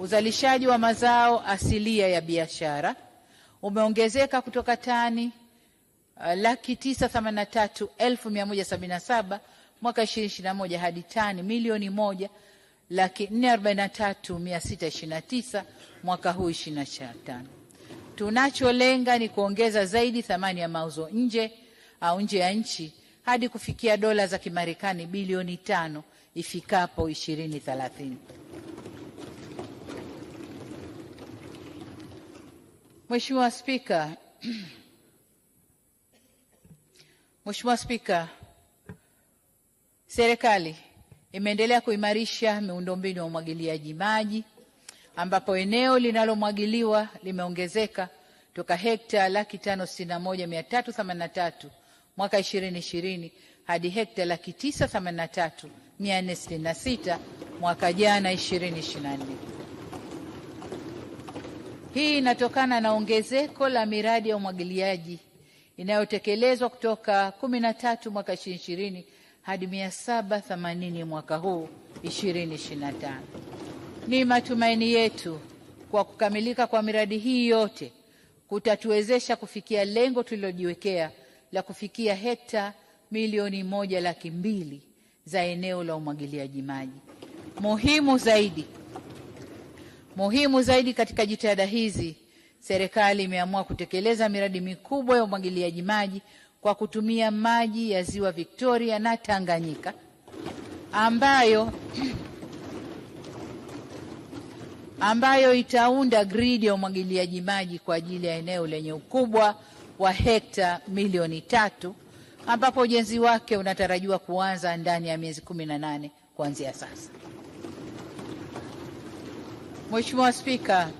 Uzalishaji wa mazao asilia ya biashara umeongezeka kutoka tani uh, laki tisa themanini na tatu elfu mia moja sabini na saba mwaka 2021 hadi tani milioni moja laki nne arobaini na tatu mia sita ishirini na tisa mwaka huu 2025. Tunacholenga ni kuongeza zaidi thamani ya mauzo nje au nje ya nchi hadi kufikia dola za Kimarekani bilioni tano ifikapo 2030. Mheshimiwa Spika, Mheshimiwa Spika, serikali imeendelea kuimarisha miundombinu ya umwagiliaji maji ambapo eneo linalomwagiliwa limeongezeka toka hekta laki tano sitini na moja mia tatu themanini na tatu mwaka ishirini ishirini hadi hekta laki tisa themanini na tatu mia nne sitini na sita mwaka jana ishirini ishirini na hii inatokana na ongezeko la miradi ya umwagiliaji inayotekelezwa kutoka 13 mwaka 2020 hadi 780 mwaka huu 2025. Ni matumaini yetu kwa kukamilika kwa miradi hii yote kutatuwezesha kufikia lengo tulilojiwekea la kufikia hekta milioni moja laki mbili za eneo la umwagiliaji maji. Muhimu zaidi Muhimu zaidi katika jitihada hizi, serikali imeamua kutekeleza miradi mikubwa ya umwagiliaji maji kwa kutumia maji ya ziwa Victoria na Tanganyika ambayo, ambayo itaunda gridi ya umwagiliaji maji kwa ajili ya eneo lenye ukubwa wa hekta milioni tatu ambapo ujenzi wake unatarajiwa kuanza ndani ya miezi kumi na nane kuanzia sasa. Mheshimiwa Spika,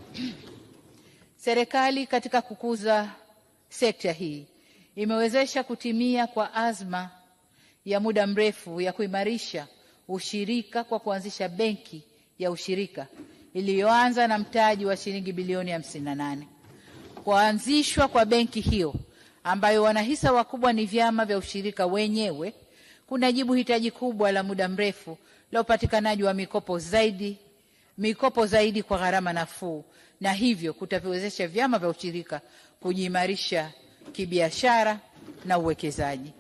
serikali katika kukuza sekta hii imewezesha kutimia kwa azma ya muda mrefu ya kuimarisha ushirika kwa kuanzisha benki ya ushirika iliyoanza na mtaji wa shilingi bilioni 58. Kuanzishwa kwa benki hiyo ambayo wanahisa wakubwa ni vyama vya ushirika wenyewe kunajibu hitaji kubwa la muda mrefu la upatikanaji wa mikopo zaidi mikopo zaidi kwa gharama nafuu na hivyo kutaviwezesha vyama vya ushirika kujiimarisha kibiashara na uwekezaji.